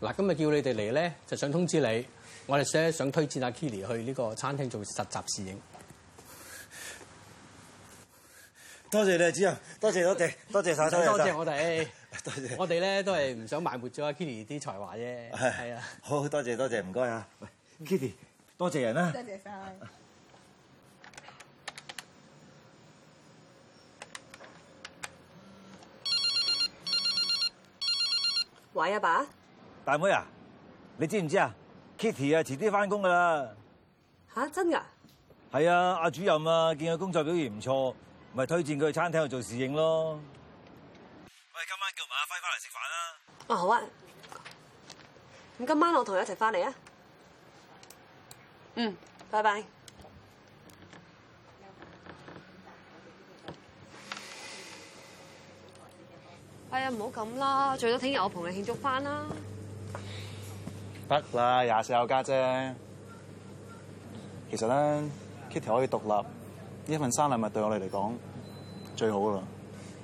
嗱，今日叫你哋嚟咧，就想通知你，我哋想推薦阿 Kitty 去呢個餐廳做實習侍應。多謝你，主任，多謝多謝多謝晒。多謝我哋，多謝，多謝，多謝我哋咧，都係唔想埋沒咗阿 Kitty 啲才華啫，係啊，好多謝多謝，唔該啊，Kitty，多謝人啊。多謝晒，喂阿爸。大妹啊，你知唔知啊？Kitty 啊，遲啲翻工噶啦。吓？真噶？係啊，阿主任啊，見佢工作表現唔錯，咪推薦佢去餐廳度做侍應咯。喂，今晚叫埋阿輝翻嚟食飯啦。哦，好啊。咁今晚我同你一齊翻嚟啊。嗯，拜拜。哎呀，唔好咁啦，最多聽日我同你慶祝翻啦。得啦，廿四有家姐。其實呢 Kitty 可以獨立，呢一份生禮物對我哋嚟講最好啦。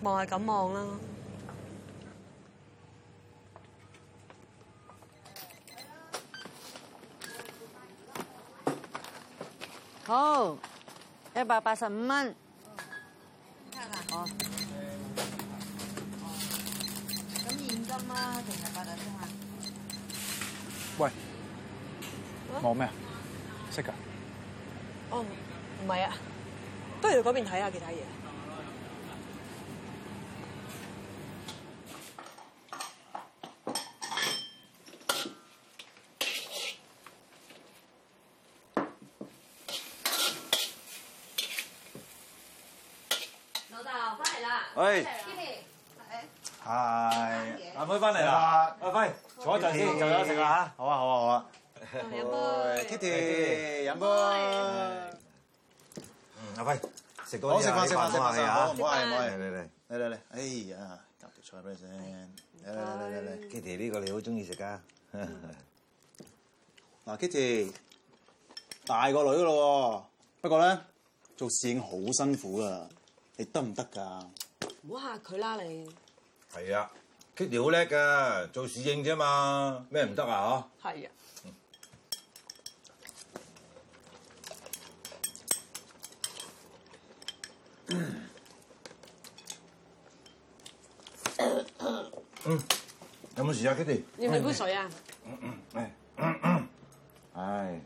望係咁望啦。好，一百八十五蚊。望咩？識㗎？哦、oh，唔係啊，不如去嗰邊睇下其他嘢。老豆翻嚟啦！喂，係、hey. 阿、hey. hey. hey. hey. hey. hey. 妹翻嚟啦！阿、hey. 輝、hey. 坐一陣先，就有得食啦嚇！Hey. Hey. 好啊，好啊，好啊！飲杯，Kitty 飲杯，阿輝食過，我食飯食飯食飯吓，食飯食飯嚟嚟嚟嚟嚟，哎呀夾條菜俾你先嚟嚟嚟嚟嚟，Kitty 呢個你好中意食噶，啊 Kitty 大個女咯，不過咧做侍應好辛苦啊，你得唔得噶？唔好嚇佢啦，你係啊，Kitty 好叻噶，做侍應啫嘛，咩唔得啊？嗬，係啊。嗯，嗯，有冇事啊？Kitty，要唔要杯水啊？嗯嗯，嗯唉，唉，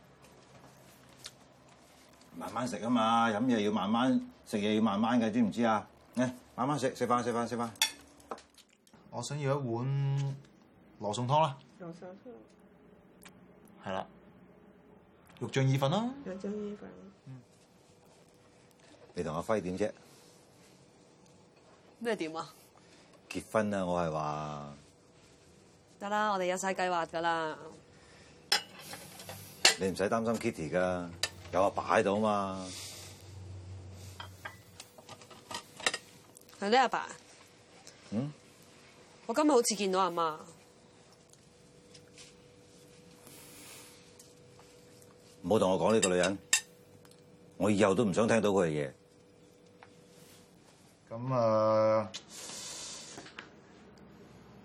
慢慢食啊嘛，飲嘢要慢慢，食嘢要慢慢嘅，知唔知啊？哎，慢慢食，食飯，食飯，食飯。我想要一碗羅宋湯啦。羅宋湯。係啦。肉醬意粉囉。肉醬意粉。你同阿輝點啫？咩點啊？是結婚啊，我係話得啦，我哋有晒計劃噶啦。你唔使擔心 Kitty 噶，有阿爸喺度啊嘛。係呢，阿爸。嗯？我今日好似見到阿媽。唔好同我講呢個女人，我以後都唔想聽到佢嘅嘢。咁啊、呃，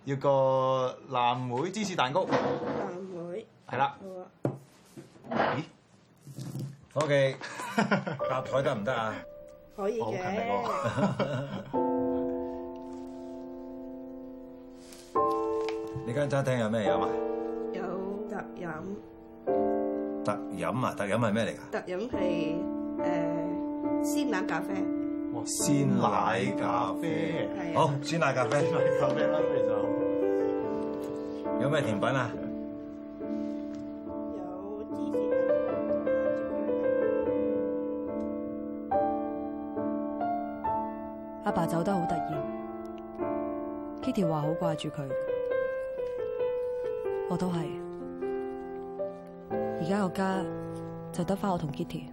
要個藍莓芝士蛋糕。藍莓。係啦。好、啊、咦？o、okay. k 搭台得唔得啊？可以嘅。 你間餐廳有咩飲啊？有特飲。特飲啊？特飲係咩嚟㗎？特飲係誒、呃、鮮奶咖啡。鮮奶，奶咖啡，好，鮮奶咖啡。奶咖啡啦，不如有咩甜品啊？阿爸走得好突然，Kitty 話好掛住佢，我都係。而家個家就得返我同 Kitty。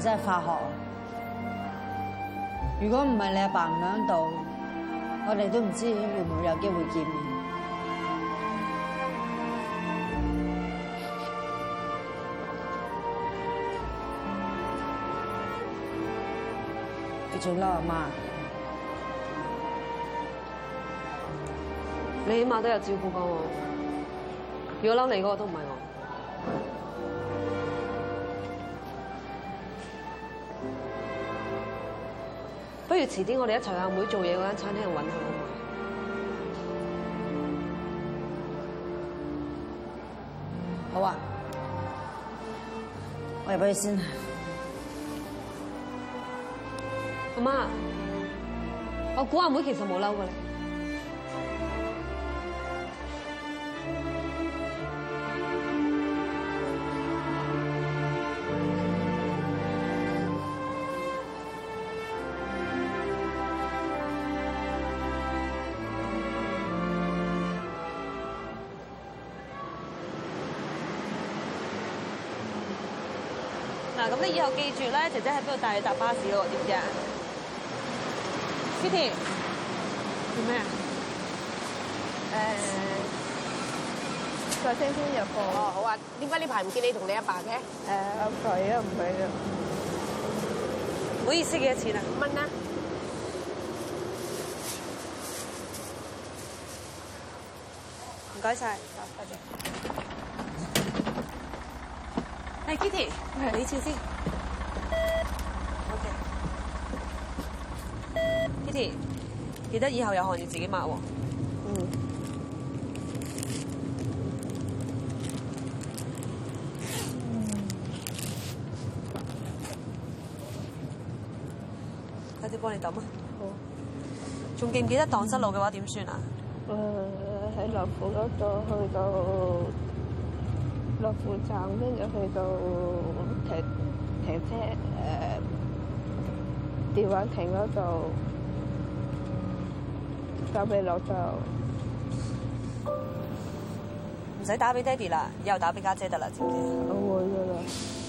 真係發學，如果唔係你阿爸唔喺度，我哋都唔知會唔會有機會見面。別嬲啦，阿媽，你起碼都有照顧過我。如果嬲你嗰個都唔係我。不如遲啲我哋一齊去阿妹做嘢嗰間餐廳揾下好嘛？好啊，我入去先。阿媽，我估阿妹，妹其實冇嬲過你。.以後記住咧，姐姐喺邊度帶你搭巴士咯，點知啊？Kitty，做咩？再聽先入貨。哦，好啊。點解呢排唔見你同你阿爸嘅？誒、嗯，阿爸而家唔喺啊。可以收幾多錢啊？五蚊啊！唔該晒。再見。誒、hey，Kitty，yes. 你試先。好，okay. Kitty，記得以後有汗要自己抹喎。嗯、mm-hmm. mm-hmm. 嗯。快啲幫你抌啊！好。仲記唔記得蕩失路嘅話點算啊？誒，喺樂富嗰度去到。落火車站，跟住去到停停車誒、呃、電話亭嗰度打俾老竇，唔使打俾爹哋啦，又打俾家姐得啦，知唔知？好喎，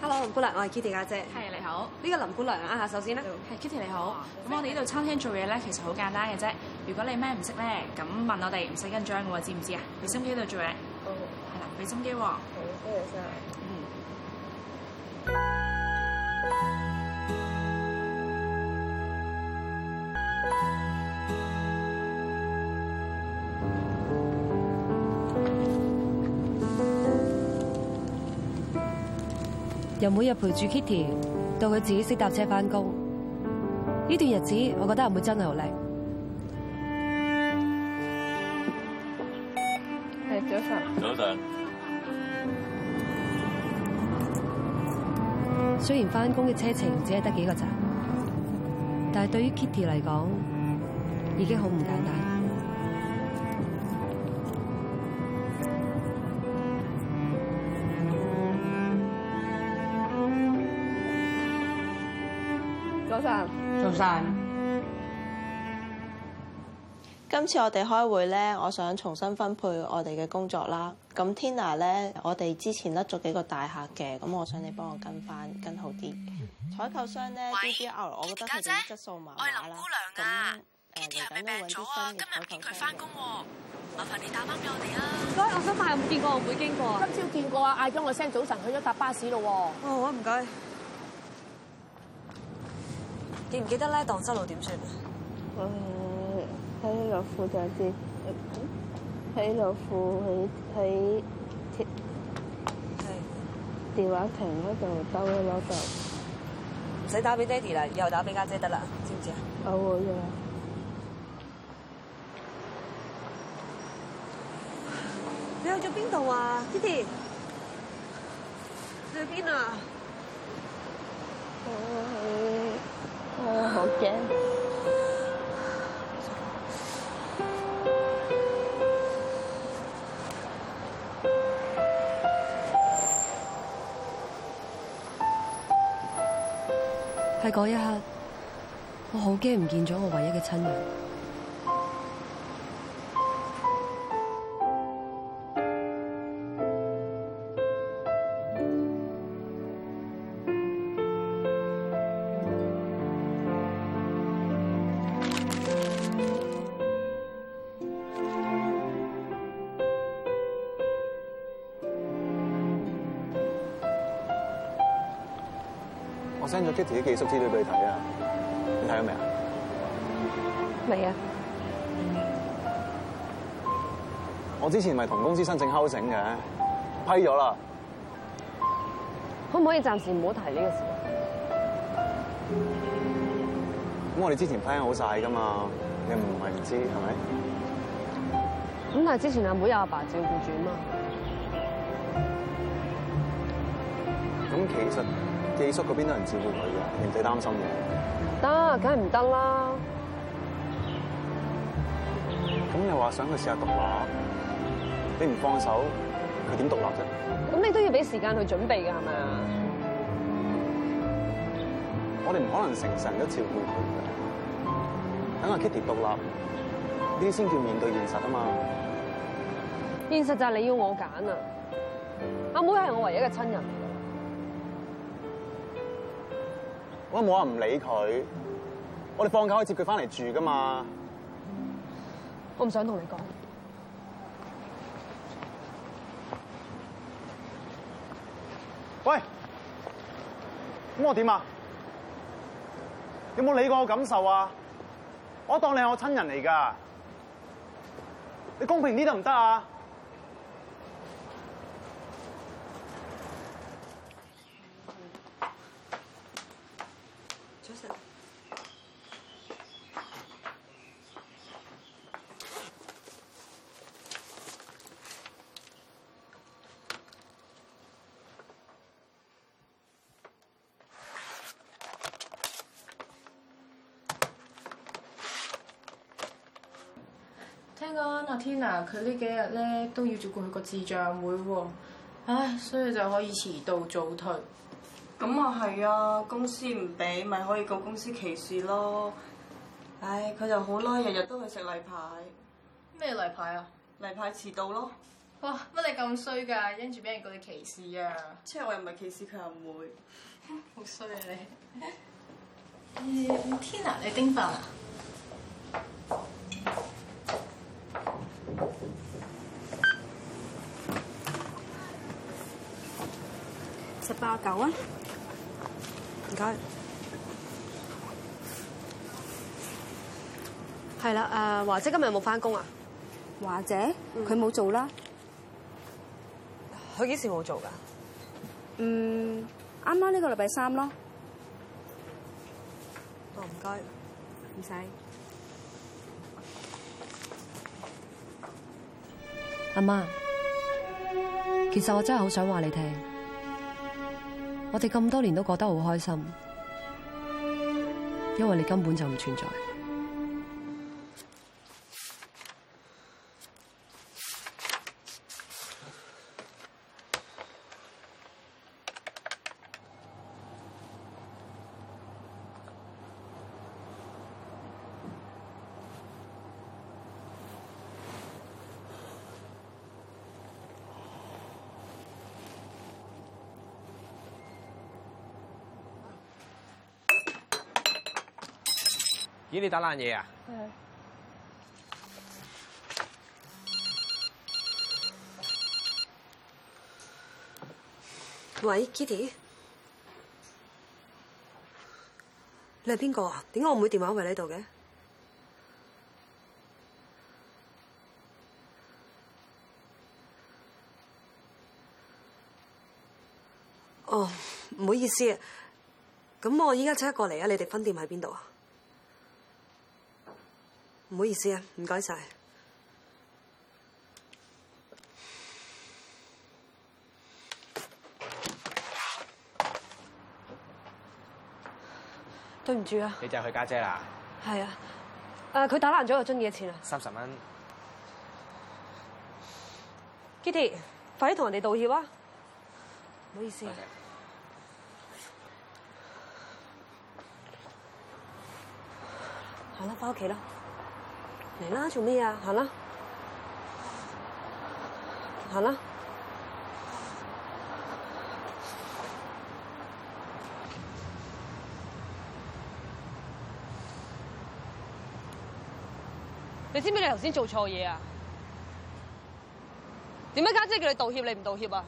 hello，林姑娘，我係 Kitty 阿姐，姐。係，你好，呢個林姑娘啊，下首先啦。係，Kitty 你好，咁、啊、我哋呢度餐廳做嘢咧，其實好簡單嘅啫、嗯。如果你咩唔識咧，咁問我哋唔使緊張嘅喎，知唔知啊？俾心機喺度做嘢。哦，係啦，俾心機喎。好，多謝晒。嗯。嗯由每日陪住 Kitty 到佢自己識搭車翻工，呢段日子我覺得唔會真係好靚。係，早晨，早晨。雖然翻工嘅車程只係得幾個站，但係對於 Kitty 嚟講，已經好唔簡單。做晒。今次我哋開會咧，我想重新分配我哋嘅工作啦。咁 Tina 咧，我哋之前甩咗幾個大客嘅，咁我想你幫我跟翻，跟好啲。採購商咧 d B R，我覺得佢哋質素麻麻啦。我係林姑娘啊。Kitty 係咪病咗啊？今日唔見佢翻工，麻煩你打翻俾我哋啊。唔該，我想問，有冇見過我會經過。今朝見過啊，嗌咗我聲，早晨，去咗搭巴士咯。哦，好啊，唔該。記唔記得咧？盪失路點算啊？喺喺樂富酒店，喺樂富喺電話亭嗰度打俾老豆，唔使打俾爹哋啦，以後打俾家姐得啦，知唔知啊？好、oh, 啊、yeah.！你去咗邊度啊，Titi？去邊啊？Oh, yeah. 我好係嗰一刻，我好驚唔見咗我唯一嘅親人。我 send 咗 k i t 寄宿資料俾你睇啊！你睇咗未啊？未啊！我之前咪同公司申請休整嘅，批咗啦。可唔可以暫時唔好提呢個事？咁我哋之前批好晒噶嘛，你唔係唔知係咪？咁但係之前阿妹有阿爸，爸照顧住啊嘛？咁其實。寄宿嗰邊都有人照顧佢嘅，唔使擔心嘅。得？梗係唔得啦。咁你話想去試下獨立，你唔放手，佢點獨立啫？咁你都要俾時間去準備㗎係咪啊？我哋唔可能成成都照顧佢嘅。等阿 Kitty 獨立，呢啲先叫面對現實啊嘛！現實就係你要我揀啊！阿妹係我唯一嘅親人。我冇話唔理佢，我哋放假可以接佢返嚟住㗎嘛？我唔想同你講。喂，咁我點啊？有冇理過我的感受啊？我當你係我親人嚟㗎！你公平啲得唔得啊？阿天啊，佢呢幾日咧都要照顧佢個智障妹喎、啊，唉，所以就可以遲到早退。咁啊係啊，公司唔俾咪可以告公司歧視咯。唉，佢就好啦，日日都去食例牌。咩例牌啊？例牌遲到咯。哇！乜你咁衰㗎？因住俾人告你歧視啊？即係我又唔係歧視佢阿妹。 好衰啊你！嗯、天啊，你丁飯啊？十八九啊，唔該，係啦。誒，華姐今日有冇返工啊？華姐，佢冇做啦，佢幾時冇做噶？嗯，啱啱呢個禮拜三咯。哦，唔該，唔使。阿媽，其實我真係好想話你聽，我哋咁多年都過得好開心，因為你根本就唔存在。咦？你打爛嘢啊！是喂，Kitty，你係邊個啊？點解我唔會電話圍喺度嘅？哦，唔好意思啊，咁我而家即刻過嚟啊！你哋分店喺邊度啊？唔好意思啊，唔該晒，對唔住啊。你就係佢家姐啦。係啊，佢打爛咗個樽嘢錢啊，三十蚊。Kitty，快啲同人哋道歉啊！唔好意思。好啦，翻屋企啦。嚟啦，做咩啊？行啦，行啦。你知唔知你頭先做錯嘢啊？點解家姐叫你道歉，你唔道歉啊？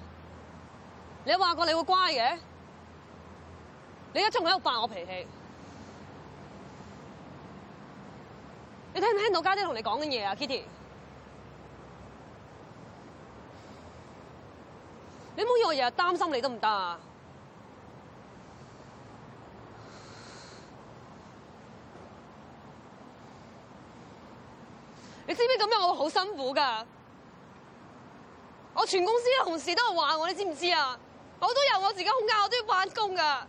你話過你會乖嘅，你而家仲喺度發我脾氣？你聽唔聽到家姐同你講嘅嘢啊，Kitty！你唔好以為我日日擔心你都唔得啊！你知唔知這樣我會好辛苦的？我全公司的同事都話我，你知唔知啊？我都有我自己的空間，我都要辦公的。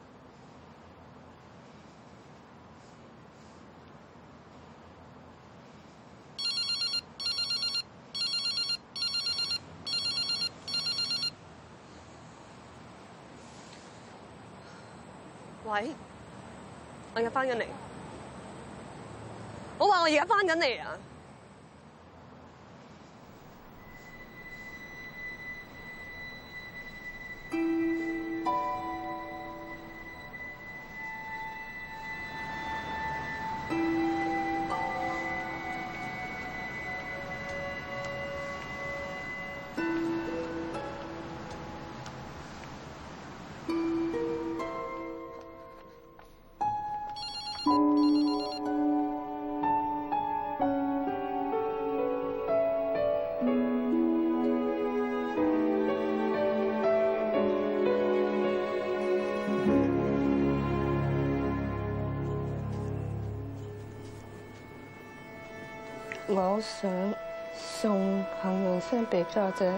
喂，我而家返緊嚟，我話我而家返緊嚟啊！我想送幸運星俾作者。